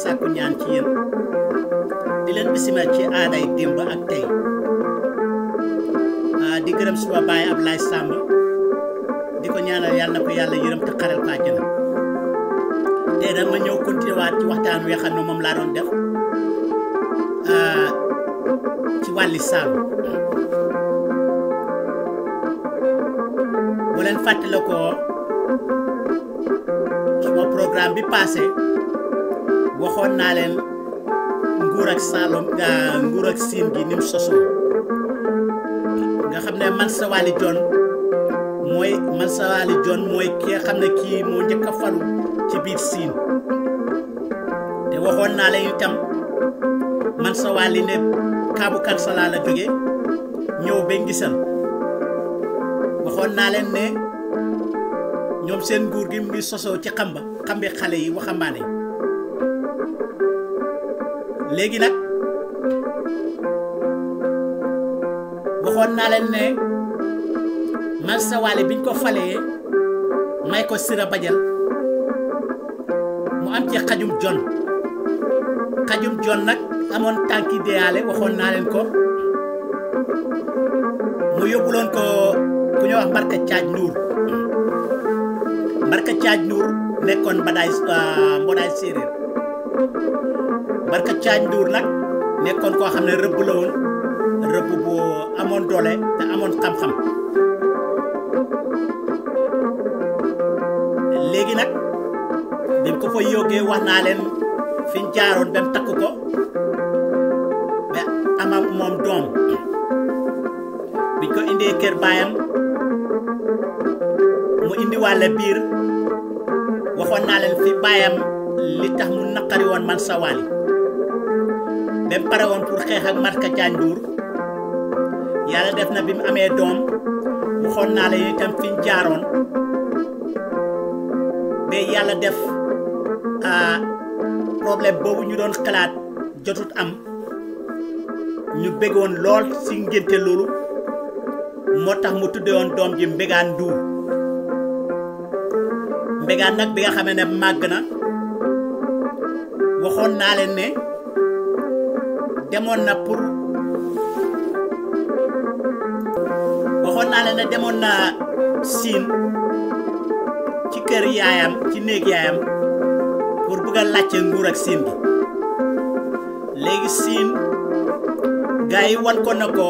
sàkku ñaan ci yeen di leen bisima ci aaday démb ak tey di gërëm suba baay Ablaay samba di ko ñaanal yàlla na ko yàlla yërëm te xaral ko àjjana tey nag ma ñëw continuer waat ci waxtaan wi xam ne moom laa doon def ci wàlli sàmm bu leen fàttale ko suma programme bi passé waxoon naa leen nguur ak Saloum nguur ak Siin gi ni sosoo nga xam ne Mansa Wali Jone mooy Mansa Wali Jone mooy ki xam ne kii moo njëkk falu ci biir Siin te waxoon naa leen itam Mansa Wali ne Kaabu Kansala la ñëw ba ngisal waxoon naa leen ne ñoom seen nguur gi mu ngi sosoo ci xamba xambi xale yi waxambaane léegi nag waxoon naa leen ne Mansa Wally biñ ko falee may ko Sira Badial mu am ci xajum jon xajum jon nag amoon tànki deyaale waxoon naa leen ko mu yóbbuloon ko ku ñuy wax Mbarka Caaj Nduur Mbarka Caaj Nduur nekkoon mbadaay euh, séeréer Mbarka Caañ Nduur nag nekkoon koo xam ne rëbb la woon rëbb bu amoon doole te amoon xam-xam léegi nag dañ ko fa yóggee wax naa leen fi jaaroon ba mu takk ko ba amam moom doom biñ ko indee kër baayam mu indiwaale biir waxoon naa leen fi baayam li tax mu naqari woon man sawaali même pare woon pour xeex ak Marka Ndiandour yàlla def na bi mu amee doom waxoon naa la itam fi ñu jaaroon yàlla def problème boobu ñu doon xalaat jotut am ñu bëggoon lool si ngénte loolu moo tax mu tudde woon doom ji Mbégaan Ndour Mbégaan nag bi nga xamee ne màgg na waxoon naa leen ne. demoon na pour waxoon naa leen ne demoon na siin ci kër yaayam ci néeg yaayam pour bëgg a laajte nguur ak siin bi léegi siin gars yi wan na ko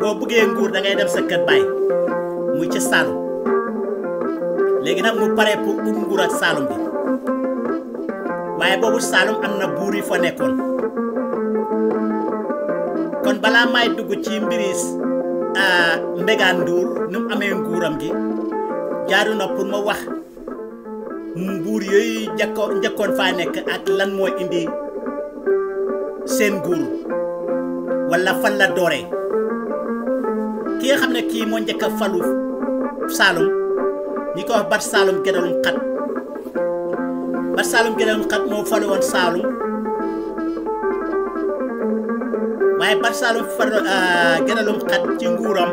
boo buggee nguur da ngay dem sa kër baay muy ci Saalum léegi nag mu pare pour ut nguur ak Saalum bi bobu salum am buri fa nekkon kon bala may dugg ci mbiris a Nduur nu mu amee nguuram gi jaaru na pour ma wax mbur yooyu jakko jakkon fa nek ak lan moy indi sen nguru wala fan la doré ki xamné ki mo ñëk falu Saalum ñi ko wax Bat salum Gédalum Xat ba salum gi doon xat mo falu woon salum waye ba salum falu euh, gënalum xat ci nguuram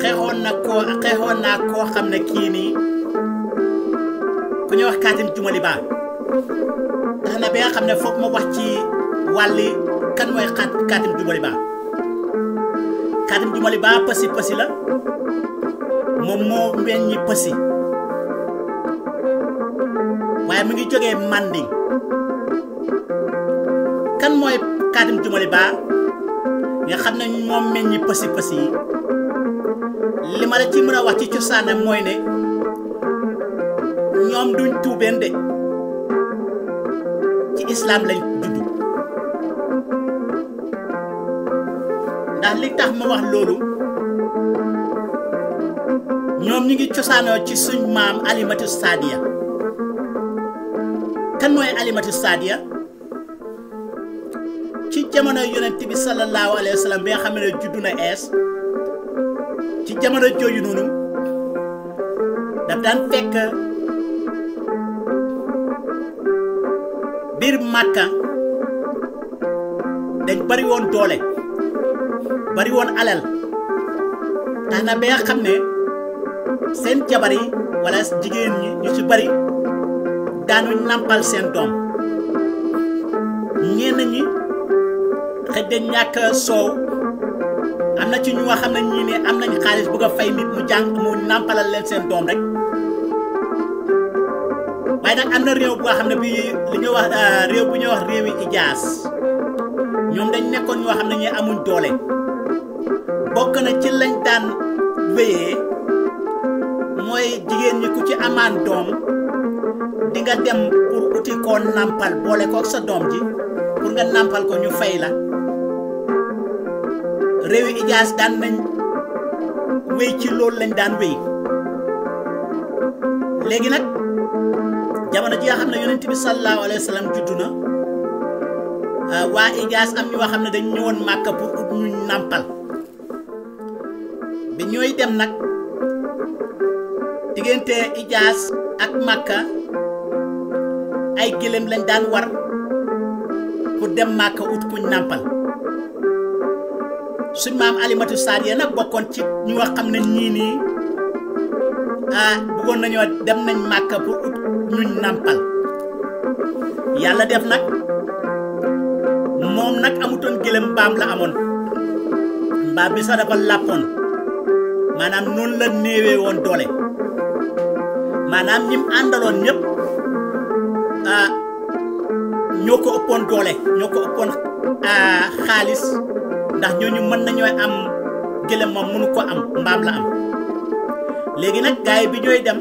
xeexoon na ko xeexoon na ko xamne ki ni ku ñu wax kaatim jumali baa tax na be xamne fop mo wax ci wàlli kan katim juma li ba katim juma li ba pasi pasi la mo meñ ni pasi. bi jógee Manding kan mooy Khadim Doumbouya Ba nga xam ne moom meññi pësi pësi yi li ma la ci mën a wax ci cosaanam mooy ne ñoom duñ tuubeen de ci islam lañ juddu ndax li tax ma wax loolu ñoom ñu ngi cosaanoo ci suñ maam alimatu sadiya kan mooy alimatu saadiya ci jamono yonent bi sallallahu alayhi wa sallam xam ne juddu na ees ci jamono jooju noonu daf daan fekk biir màkka dañ bari doole bari alal tax na xam ne seen jabar yi jigéen ñi ñu ci bari daanuñ nàmpal seen doom ñenn ñi xëj na ñàkk soow am na ci ñu nga xam ne ñii am nañ xaalis bëgg a fay nit mu jàng mu nàmpalal leen seen doom rek waaye nag am na réew bu nga xam ne bi wax euh, réew bu ñuy wax réew yi ijaas ñoom dañ nekkoon ñoo xam ne ñii amuñ doole bokk na ci lañ daan wéyee mooy jigéen ñi ku ci amaan doom dinga nga dem pour uti koo nàmpal boole ko sa doom ji pour nga nàmpal ko ñu fay la réewi ijaas daan nañ wéy ci loolu lañ daan wéy léegi nag jamono ji nga xam ne yonent bi sallallahu alayhi wa juddu na ah, waa ijaas am ñoo xam ne dañ ñëwoon màkka pour ut ñu nàmpal bi ñooy dem nag diggante ijaas ak màkka ay gëléem lañ daan war pour dem Màkka ut kuñ nàmpal suñ maam Alimatu Saar yee nag bokkoon ci ñu nga xam ne ñii nii ah bëggoon nañoo dem nañ Màkka pour ut ñuñ nàmpal yàlla def nag moom nag amutoon gëléem mbaam la amoon mbaam bi sax dafa làppoon maanaam noonu la néewee woon doole maanaam ñim àndaloon ñëpp ñoo ko ëppoon doole ñoo ko ëppoon euh, xaalis ndax ñooñu mën nañooy am gëlëm moom ko am mbaam la am léegi nag gaay bi ñooy dem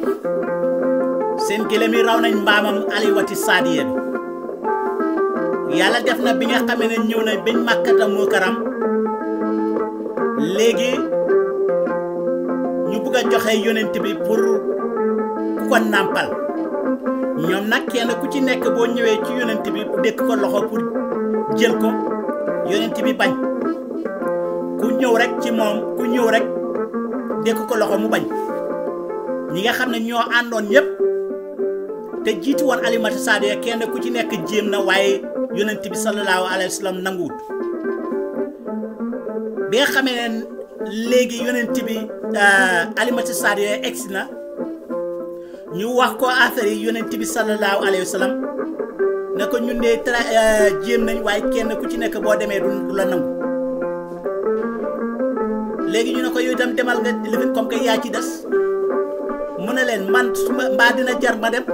seen gëlëm yi raw nañ mbaamam aliwati saadiya bi yàlla def na bi nga xamee ne ñëw na biñ màkkata moo léegi ñu bugg a joxe yonent bi pour ku ko nàmpal ñoom nag kenn ku ci nekk boo ñëwee ci yonent bi dékk ko loxo pour jël ko yonent bi bañ ku ñëw rek ci moom ku ñëw rek dékk ko loxo mu bañ ñi nga xam ne ñoo àndoon ñëpp te jiitu woon Alimatu Saadiya kenn ku ci nekk jéem na waaye yonent bi sallallahu alayhi wa sallam nanguwut bi nga xamee ne léegi yonent bi euh, Alimatu Saadiya egsi na ñu wax ko affaire yi yonent bi sallallahu alayhi wa sallam ne ko ñun de tra euh, jéem nañ waaye kenn ku ci nekk boo demee du la nangu léegi ñu ne ko yooyu itam demal nga lifin comme que yaa ci des mu ne leen man suma ma mbaa dina jar ma dem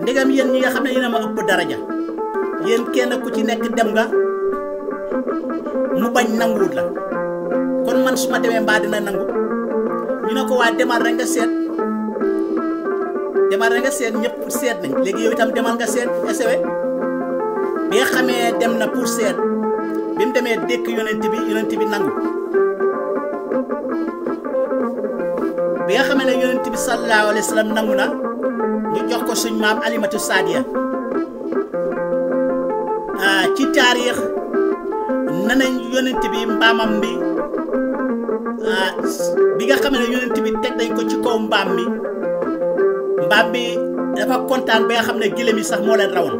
ndegam yéen ñi nga xam ne yéen a ma ëpp daraja yéen kenn ku ci nekk dem nga mu bañ nanguwut la kon man su ma demee mbaa dina nangu ñu ne ko waa demal rek nga seet. demal nga seen ñëpp pour seet nañ léegi yow itam demal nga seen esewe bi nga xamee dem na pour seet bi mu demee yonent bi yonent bi nangu bi nga xamee ne yonent bi sallallahu alayhi wasallam nangu na ñu jox ko suñ maam alimatu sadia ah, ci tariikh nanañ yonent bi mbamam bi ah, bi nga xamee ne yonent bi teg nañ ko ci kaw mbam mi mbaam bi dafa kontaan ba nga xam ne gilem yi sax moo leen rawoon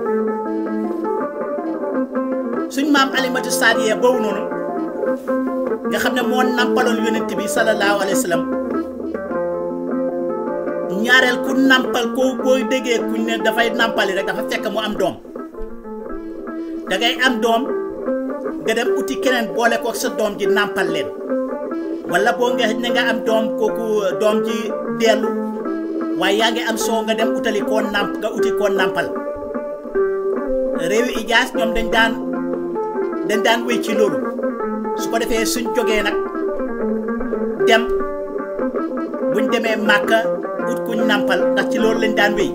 suñ maam alimatu saadiya boobu noonu nga xam ne moo nampaloon yonent bi sallallahu alayhi wa sallam ñaareel ku nampal koo booy déggee kuñ ne dafay nampali rek dafa fekk mu am doom da ngay am doom nga dem uti keneen boole ko sa doom ji nampal leen wala boo nga ne nga am doom kooku doom ji dellu waaye yaa ngi am soo nga dem utali koo nàmp nga uti koo nàmpal réewi ijaas ñoom dañ daan dañ daan wéy ci loolu su ko defee suñ jogee nag dem buñ demee màkka ut kuñ nàmpal ndax ci loolu lañ daan wéy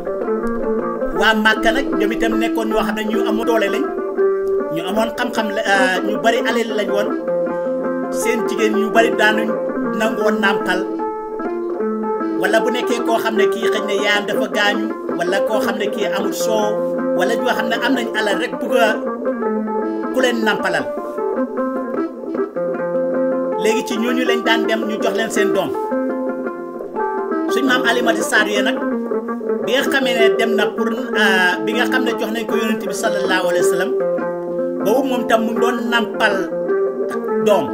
waa màkka nag ñoom itam nekkoon ñoo xam ne ñu amoon doole lañ ñu amoon xam-xam la euh, ñu bari alal lañ woon seen jigéen ñu bari daanuñ nangoo nàmpal wala bu nekkee koo xam ne kii xëy na yaayam dafa gaañu wala koo xam ne kii amul soow wala ñoo xam ne am nañ alal rek bugg ku leen nampalal léegi ci ñooñu lañ daan dem ñu jox leen seen doom suñ maam Alimati Sarr yee nag bi nga xamee ne dem na pour ah, bi nga xam ne jox nañ ko yonent bi sallallahu alayhi wa sallam boobu moom tam mu doon nampal doom.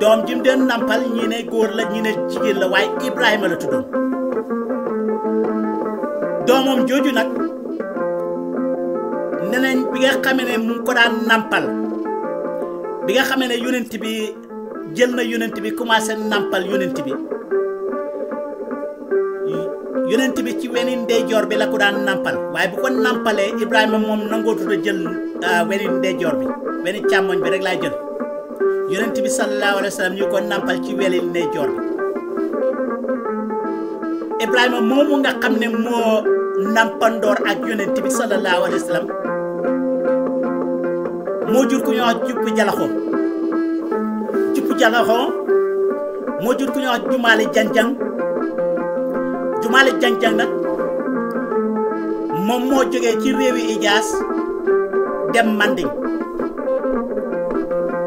doom jim de nampal ñi ne góor la ñi ne jigéen la waaye Ibrahima la tuddoon doomam jooju nag neneen bi nga xamee ne mu ko daan nampal bi nga xamee ne yonent bi jël na yonent bi commencé nampal yonent bi yonent bi ci wenin ndeyjoor bi la ko daan nampal waaye bu ko nampalee Ibrahima moom nangoo tudd a jël ah, wenin ndeyjoor bi wenin càmmoñ bi rek laay jël. yonent bi sallallahu alayhi wa ñu ko nàmpal ci weli ndeyjoor Ibrahima moomu nga xam ne moo nàmpandoor ak yonent bi sallallahu alayhi wa sallam moo jur ku ñuy wax jupp jalaxo jupp jalaxo moo jur ku ñuy wax jumaale janjang jumaale janjang nag moom moo jógee ci réewi Ijaas dem Manding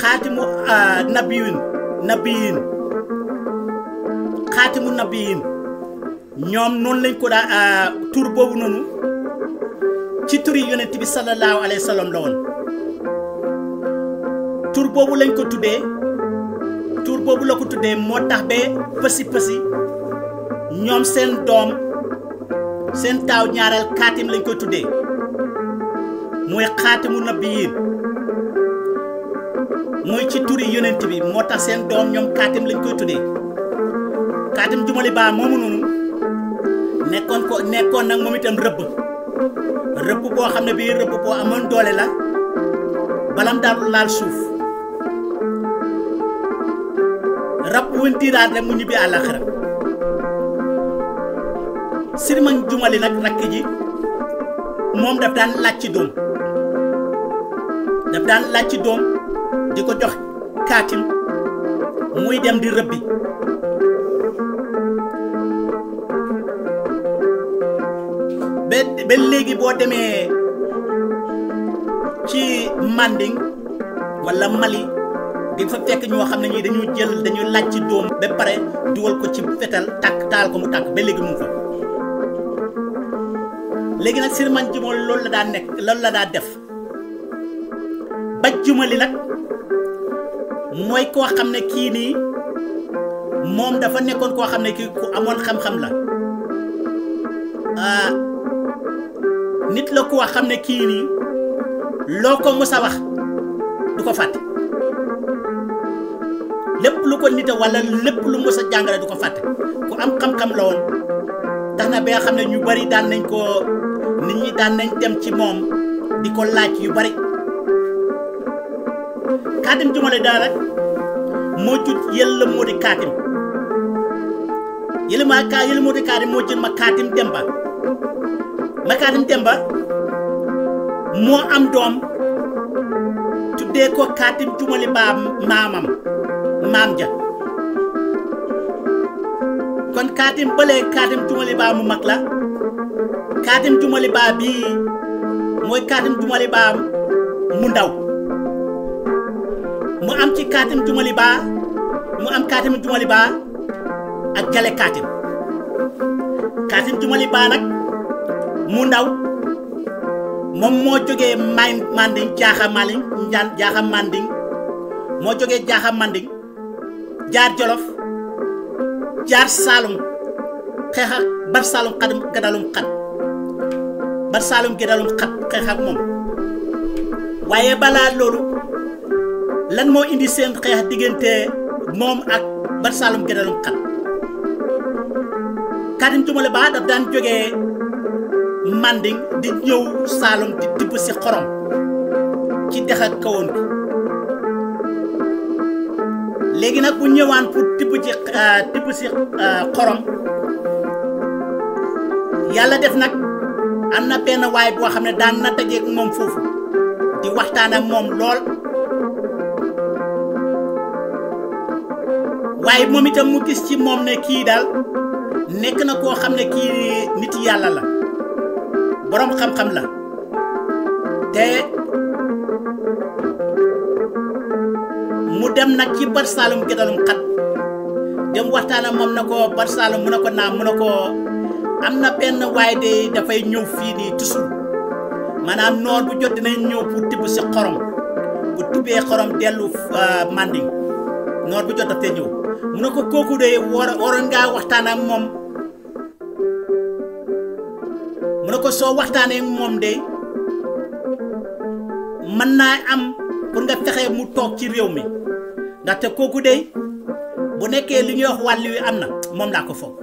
xaatimu ah, nabiyun nabiyin xaatimu nabiyin ñoom noonu lañ ko daa ah, tur boobu noonu ci turi yonent bi sallallahu alayhi wa sallam la woon tur boobu lañ ko tuddee tur boobu la ko tuddee moo tax ba pësi pësi ñoom seen doom seen taaw ñaareel xaatim lañ ko tuddee mooy xaatimu nabiyin moy ci turi yonent bi moo tax sen dom ñoom katim lañ koy katim kaatim jumali ba momu nonu nekkon ko nekkon nak momi tam reub reub bo xamne bi reub bo amon doole la balam daal laal suuf rab wën tiiraat ne mu ñibbi àllaxara sirmañ jumali nak rakk ji mom daf daan lacc dom daf daan lacc dom di ko jox kaatim muy dem di rëbbi ba ba léegi boo demee ci Manding wala Mali di fa fekk ñoo xam ne ñii dañu jël dañu laaj doom ba pare dugal ko ci fetal tàkk taal ko mu tàkk ba léegi mu fa léegi nag Sirman Juma loolu la daa nekk loolu la daa def ba Jumali nag. mooy koo xam ne kii nii moom dafa nekkoon koo xam ne kii ku amoon xam-xam la ah, nit la koo xam ne kii nii loo ko mës a wax du ko fàtte lépp lu ko nite wala lépp lu mës a jàngale du ko fàtte ku am xam-xam la woon tax na ba xam ne ñu bari daan nañ ko nit ñi daan nañ dem ci moom di ko laaj yu bari kaatim jumale daara mojjut yella modi kaatim yella ma ka yella modi kaatim mojjut ma kaatim demba ma kaatim demba moo am doom tuddee ko kaatim jumale baa maamam maam ja kon kaatim balee kaatim jumale baa mu mag la kaatim jumale baa bii mooy kaatim jumale baa mu ndaw mu am ci kaatim jumali baa mu am kaatim jumali baa ak jale kaatim kaatim jumali baa nag mu ndaw moom moo jógee may manding jaaxa maling njaan jaaxa manding moo jógee jaaxa manding jaar jolof jaar saalum xeex bar saalum xat gadalum xat bar saalum gadalum xat xeex moom waaye balaa loolu lan moo indi seen xeex diggante moom ak Barsalum Gédalum xat Karim Tumale Ba daf daan jógee Manding di ñëw Saalum di tibb si xorom ci dex ak kawoon léegi nag bu ñëwaan pour tibb euh, si euh, xorom yàlla def nag am na benn waay boo xam ne daan na dajeeg moom foofu di waxtaan ak moom lool. waaye moom itam mu gis ci moom ne kii daal nekk na koo xam ne kii nit yàlla la borom xam-xam la te mu dem nag ci barsalum gedalum xat dem waxtaana moom na ko barsalum mu ne ko mu ne ko am na benn waaye de dafay ñëw fii nii tusul maanaam noor bu jot dinañ ñëw pour tibb si xorom bu tibbee xorom dellu ah, manding noor bu jot daf ñëw mu ne ko kooku de war waroon ngaa waxtaan ak moom mu ne ko soo waxtaanee moom de mën naa am pour nga fexe mu toog ci réew mi ndaxte kooku de bu nekkee li ñuy wax wàll wi am na moom laa ko foog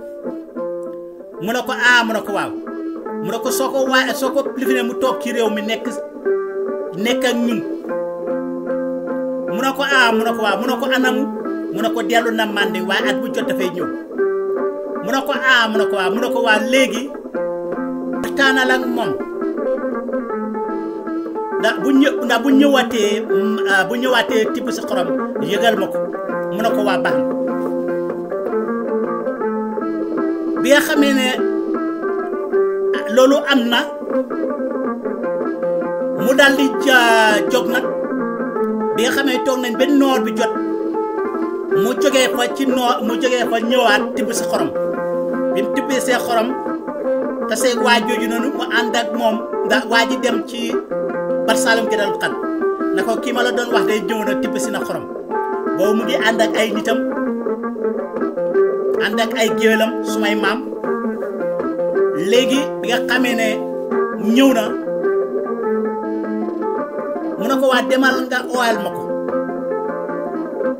mu ne ko ah mu ne ko waaw mu ne ko soo ko waa soo ko lifinee mu toog ci réew mi nekk nekk ak ñun mu ne ko ah mu ne ko waaw mu ne ko anam munako delu namande dellu na mande waaye at bu jotta fay ñew munako a munako wa munako waa legi ne lak mom da bu ñë da bu ñewate bu ñewate tibb sa xorom yegal mako munako wa bi ya xamee ne lolu amna mu daldi di jóg bi tok nañ ben noor bi jot mu jógee fa ci noo mu jógee fa ñëwaat tibb si xorom bi mu tibbee see xorom te see waa jooju noonu mu ànd ak moom ndax waa ji dem ci barsaalum gi dal xat na ko kii ma la doon wax day ñëw tibb si na xorom boobu mu ngi ànd ay nitam ànd ak ay géwélam sumay maam léegi bi nga xamee ne ñëw mu ne waa demal nga ooyal ma ko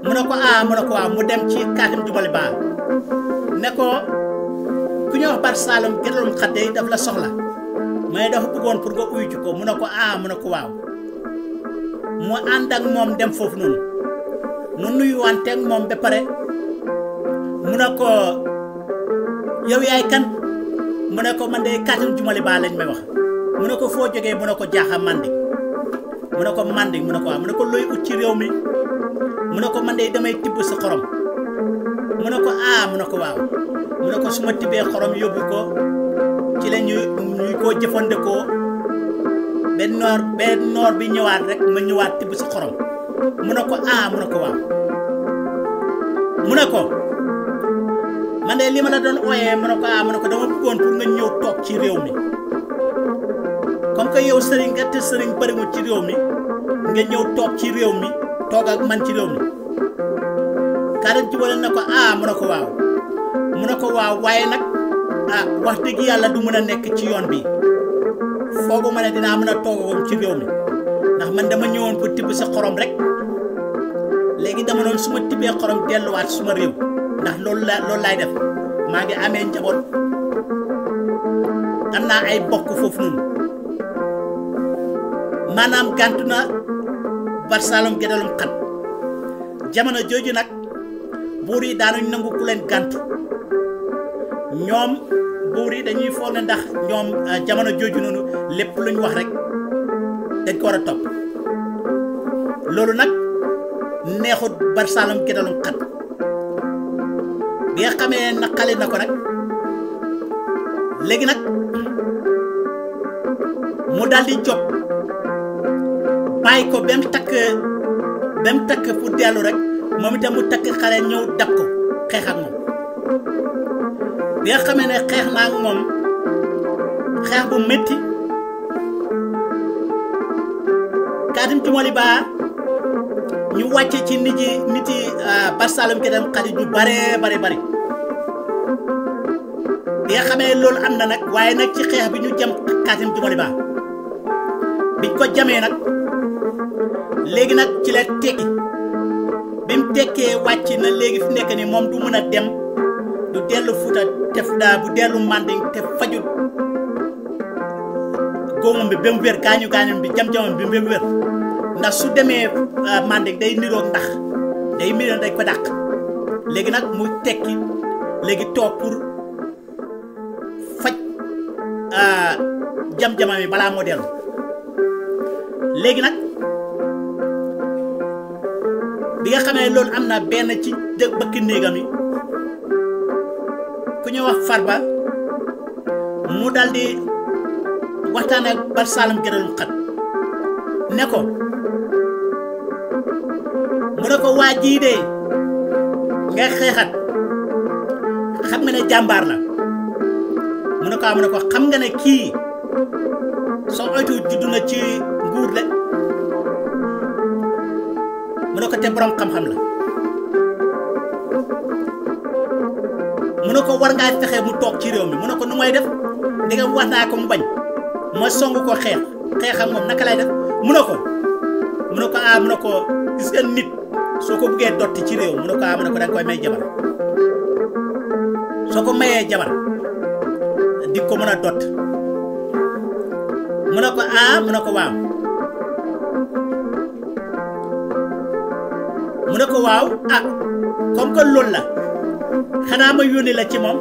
mu ne ko ah mu ne ko waaw mu dem ci Kaatim Jubali Ba ne ko ku ñuy wax Bar Saalum Gërëm Xadde daf la soxla mais dafa bëggoon pour nga uyu ko mu ne ko ah mu ne ko waaw mu ànd moom dem foofu noonu mu nuyuwante ak moom ba pare mu ne ko yow yaay kan mu ne ko man de Kaatim Jubali Ba lañ may mu ne ko foo jogee mu ne ko jaaxa mandi mu ne ko mu ne ko waaw mu ne ko looy ut ci réew mi. mu ko man de damay tibb sa xorom mu ne ko ah ko waaw mu ne ko su ma tibbee xorom yóbbu ko ci la ñuy ñu koo jëfandikoo benn noor bi ñëwaat rek ma ñëwaat tibb sa xorom mu ne ko ah mu ne ko waaw mu man de li ma la doon ooyee mu ne ko ah mu ne ko nga ñëw toog ci réew mi comme que yow sëriñ nga te sëriñ bëriwul ci réew mi nga ñëw toog ci réew mi. toog ak man ci réew mi ci wolen ne ko ah mu ne ko waaw mu ne ko waaw waaye nag ah wax dëgg yàlla du mën a nekk ci yoon bi foogu ma ne dinaa mën a toogam ci réew mi ndax man dama ñëwoon pour tibb sa xorom rek léegi dama doon suma tibbee xorom delluwaat suma réew ndax loolu la loolu laay def maa ngi amee njaboot am ay bokk foofu noonu maanaam gàntu barsalom gedalum xat jamono jooju nag buur yi daanuñ nangu ku leen gàntu ñoom yi dañuy foog ne ndax ñoom euh, jamono jooju noonu lépp luñ wax rek dañ ko war a topp loolu nag neexut barsalom gedalum xat bi xamee naqali na ko nag léegi nag mu daal di bàyyi ko ba mu takk ba mu takk pour dellu rek moom itam mu takk xale ñëw dab ko xeex ak moom bi nga xamee ne xeex naa ak moom xeex bu métti kaatim ci moli baa ñu wàcce ci nit yi nit yi ah, barsalum ke bare bare bare bi nga xamee loolu am na nag waaye nag ci xeex bi ñu jam kaatim ci moli ko jamee nag léegi nag ci la tekki bi mu tekkee wàcc na léegi fi nekk ni moom du mën a dem du dellu Fuuta te daa bu dellu Manding te fajut góomam bi ba mu wér gaañu gaañam bi jam-jamam bi ba mu wér ndax su demee euh, Manding day niroog ndax day miroog dañ ko dàq léegi nag mu tekki léegi toog pour faj euh, jam-jamam yi balaa moo dellu léegi nag bi nga xamee loolu am na benn ci bëkk néegam yi ku ñu wax Farba mu dal di waxtaan ak xat ne ko mu ne ko waa jii de ngay xeexat xam nga ne jàmbaar na mu ne ko ah, mu ne ko xam nga ne kii soo oytu juddu na ci nguur la ko te borom xam-xam la mu ne ko war ngaa fexe mu toog ci réew mi mu ne ko nu may def di wax naa ko mu bañ ma song ko xeex xeexam moom naka lay def mu ne ko mu ne ko ah, ko gis soo ko buggee dotti ci réew mu ne ko ah mu a ah, ko waaw. mu ne ko waaw ah comme que loolu la xanaa ma yónni la ci moom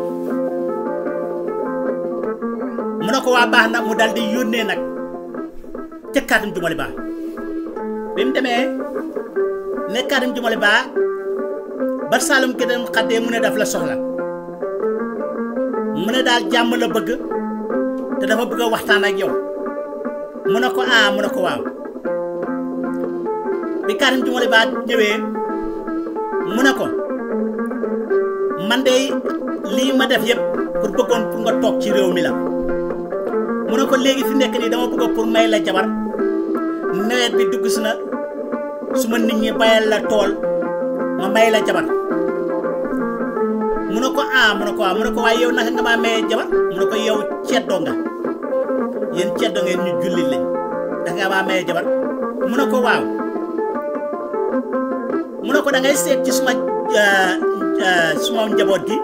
mu ne ko waa baax na mu daal di yónnee nag ca Kaatim Jumali Ba bi mu demee ne Kaatim Jumali Ba ba Saalum ki dem xaddee mu ne la soxla mu ne daal jàmm la bëgg te dafa bëgg a waxtaan ak yow mu ne ko ah mu ne ko waaw bi Kaatim Jumali Ba ñëwee. mu ne ko man de lii ma def yëpp pour bëggoon pour nga toog ci réew mi la mu ne ko léegi fi nekk nii dama bëgg pour may la jabar nawet bi dugg si na su ma nit ñi la tool ma may la jabar mu ne ko ah mu ne ko ah ne ko waaye yow naka nga maa mayee jabar mu ne ko yow ceddoo nga yéen ceddoo ngeen ñu jullit lañ da nga maa mayee jabar mu ne mu ne ko da ngay seet ci suma euh, euh, suma njaboot gi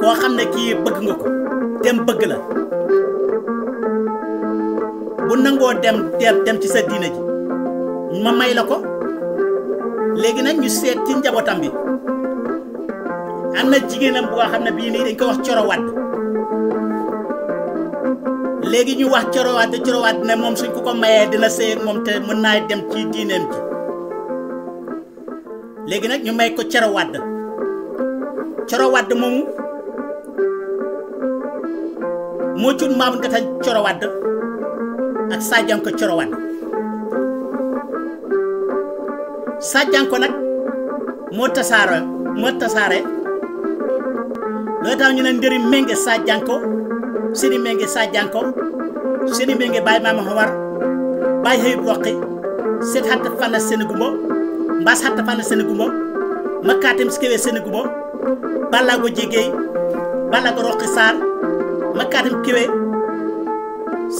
koo xam ne kii bëgg nga ko dem bëgg la bu nangoo dem dem ci sa diina ji ma may la ko léegi nag ñu seet ci njabootam bi am na jigéenam boo xam ne bii nii dañ ko wax corowaat léegi ñu wax corowaat corowaat ne moom suñ ko ko mayee dina sëy moom te mën naa dem ci diineem ji léegi nag ñu may ko Coro Wade Coro Wade moomu moo jur Maam Ngata Coro Wade ak Sajanko Coro Wade Sajanko nag moo tasaare moo tasaare loolu tax ñu ne ndëri ménge Sajanko sëri ménge Sajanko sëri ménge Baye Maama Omar Baye Xëyib Roqi seet xatt fanna seen gumba mbas hatta fana senego moom makkatem sikewe senego moom ballago jegeey ballago roqi sar makkatem kewe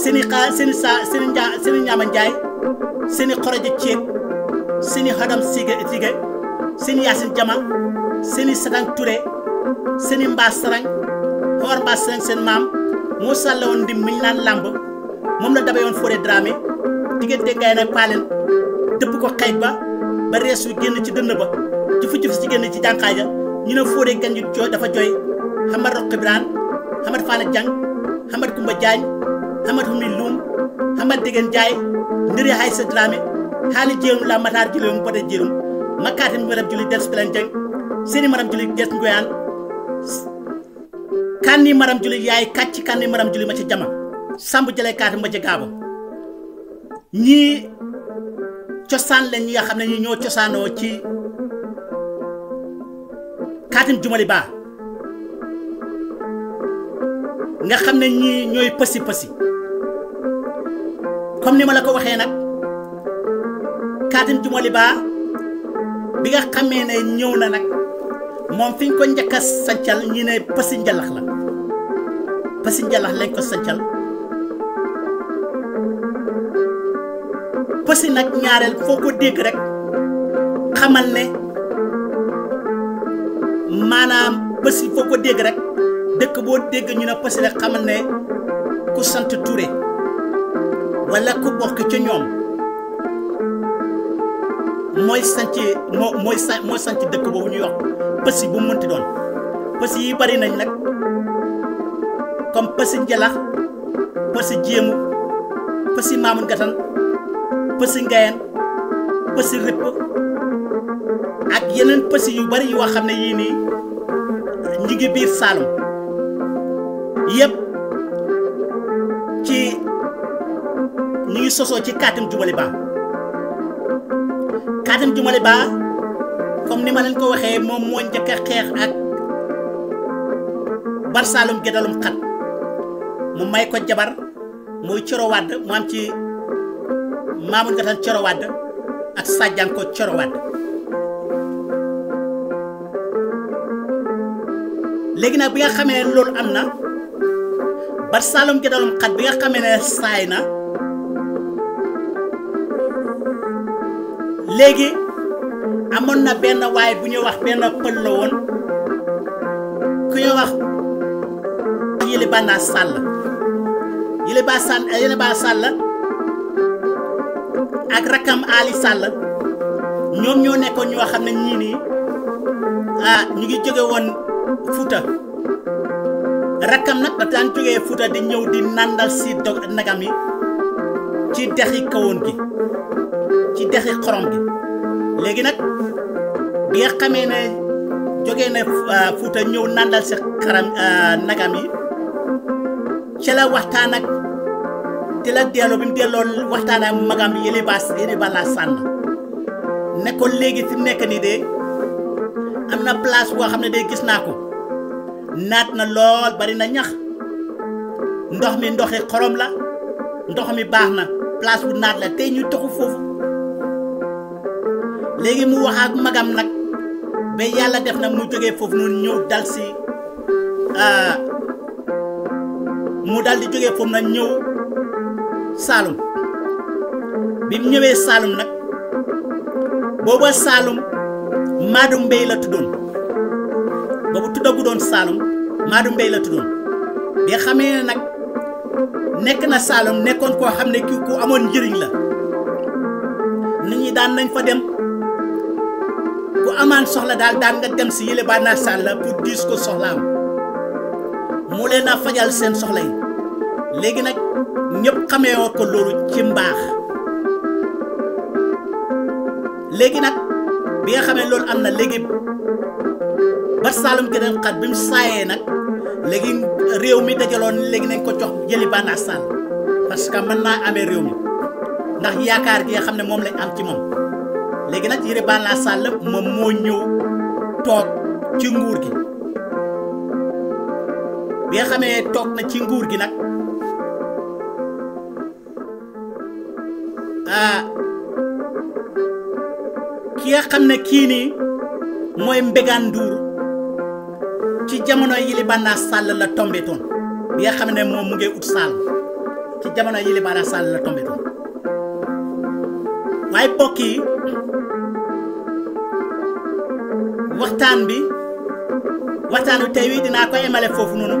seni xa seni sa seni nja seni ñama njaay seni xoroje ceeb seni hodam sige sige seni yasin jama seni sarang ture seni mbaas sarang xoor mbaas sarang seen maam moo sàlla woon ndim mi ñu naan moom la dabe woon Fodé Dramé diggante paalen dëpp ko xeej ba ba rees wi génn ci dënn ba jufu-juf ci génn ci jànqaay ja ñu ne fóore dafa yu jooy dafa jooy xamad roq biraan xamad faana jang xamad kumba jaañ xamad humi luum xamad degen jaay ndëri hay sa dramé xaali jéelum la mataar jëlum bada jéelum makkaatam maram juli des pelan ma seeni maram juli des ngoyaan kanni maram juli yaay kàcc kanni maram juli ma ci jama samb jëlee kaati ma ca gaabo ñii cosaan lañ ñi nga xam ne ñu ñoo cosaanoo ci kaatim jumali baa nga xam ne ñi ñooy pësi pësi comme ni ma la ko waxee nag kaatim jumali baa bi nga xamee ne ñëw na nag moom fi ñu ko njëkk a sancal ñi ne pësi njalax pësi njalax ko sancal bësi nag ñaareel foo ko dégg rek xamal ne maanaam bësi foo ko dégg rek dëkk boo dégg ñu ne pësi rek xamal ne ku sant Touré wala ku bokk ci ñoom mooy sant moo mooy dëkk boobu ñuy wax pësi bu mënti doon pësi yi bari nañ nag comme pësi pësi jéemu pësi maamun gatan Pusing ngayen pësi rëpp ak yeneen pësi yu bari yoo xam ne yii nii ñi ngi biir saalum yépp ci ñi ngi sosoo ci kaatam jumali ba jumali ba comme ni ma leen ko waxee moom moo njëkk a ak bar saalum gedalum xat mu may ko jabar muy coro wàdd mu am ci Mamoud Gatan Coro Wade ak Sadianko Coro léegi nag bi nga xamee ne loolu am na bar Saalum Gédalum xat bi nga xamee ne saay na léegi amoon na benn waay bu ñuy wax benn pël la ku ñuy wax yële baa naa sàll yële sàll yële sàll ak rakam Ali Sall ñom ñoo nekkon ñoo xamne ñi ni ah ñu ngi joge won futa rakam nak ba tan joge futa di ñew di nandal si dog nagami ci dexi kawon gi ci dexi xorom gi legi nak bi nga ne joge na ah, futa ñew nandal si xaram ah, nagami ci la waxtaan nak di la delloo bi mu delloo waxtaanaa magam yële ba yële ba laa sànn ne léegi fi nekk nii de am na place boo xam ne day gis naa ko naat na lool bari na ñax ndox mi ndoxi xorom la ndox mi baax na place bu naat la tey ñu toxu foofu léegi mu wax magam nag ba yàlla def na mu jógee foofu noonu ñëw dal si euh, mu dal di jógee foofu na ñëw. Saalum bi mu ñëwee Saalum nag booba Saalum Madou Mbaye la tuddoon boobu tuddagu doon Saalum Madou Mbaye la tuddoon bi xamee nag nekk na Saalum nekkoon koo xam ne kii ku amoon njëriñ la nit ñi daan nañ fa dem ku amaan soxla daal daan nga dem si yële baa naa Sall la pour diis ko soxlaam mu leen a fajal seen soxla yi léegi nag. ñëpp xamee woon ko loolu ci mbaax léegi nag bi nga xamee loolu am na léegi ba Saalum Gëdëm xat bi mu saayee nag léegi réew mi dajaloon léegi nañ ko jox jëli Banda Sall parce que mën naa amee réew mi ndax yaakaar gi nga xam ne moom lañ am ci moom léegi nag yëri Banda Sall moom moo ñëw toog ci nguur gi bi nga xamee toog na ci nguur gi nag. Ah. ki nga xam ne kii nii mooy Mbégane Ndour ci jamono Yilibana sàll la tombé toon nga xam ne moom mu ngi ut Sall ci jamono Yilibana Sall la tombé toon waaye mbokk yi waxtaan bi waxtaanu tey wi dinaa ko emale foofu noonu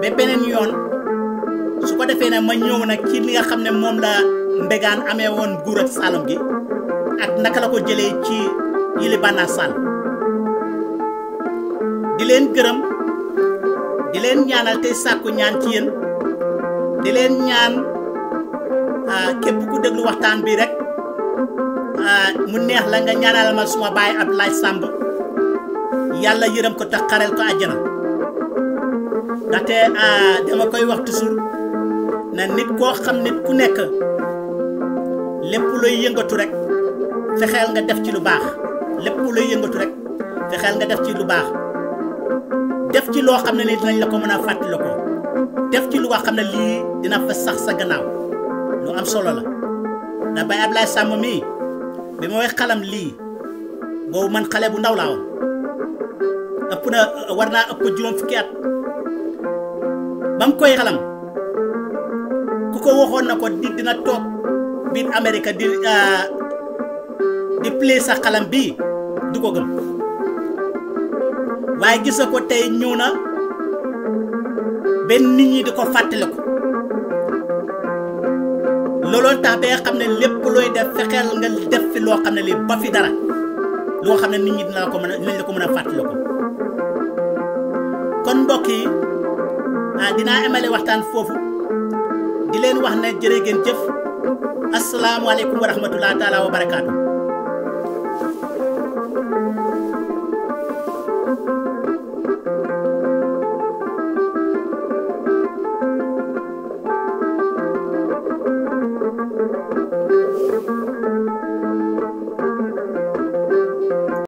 ba beneen yoon su ko defee ne ma ñëw nag ci li nga xam ne moom la. mbegaan amé won nguur ak saalum gi ak naka la ko jélé ci yili bana sal di len gërem di len ñaanal tay sakku ñaan ci yeen di len ñaan képp ku déglu waxtaan bi rek mu neex la nga ñaanal ma suma baye Abdoulaye Samb yalla yërem ko te xareel ko daté a dama koy wax toujours na nit ko xam nit ku nekk lépp luy yëngatu rek fexeel nga def ci lu baax lépp luy yëngatu rek fexeel nga def ci lu baax def ci loo xam ne lii dinañ la ko mën a fàttali ko ci lu nga xam ne lii dina fa sax sa gannaaw lu am solo la ndax bay Ablaye sàmm mii bi mooy xalam lii boobu man xale bu ndaw laa woon ëpp na war naa ëpp juróom fukki at ba koy xalam ku ko waxoon na ko nit dina toog. biir Amérique di ah, di play sa xalam bi du ko gëm waaye gis na ko tey ñëw na benn nit ñi di ko fàttali ko tax ba xam ne lépp looy def fexeel nga def fi loo xam ne li ba fi dara loo xam ne nit ñi dina ko mën a dinañ ko mën a fàttali kon mbokk yi ah dinaa amale waxtaan foofu di leen wax ne jërë ngeen jëf. asalaamualeykum wa rahmatulah taalaa wa barakaatu.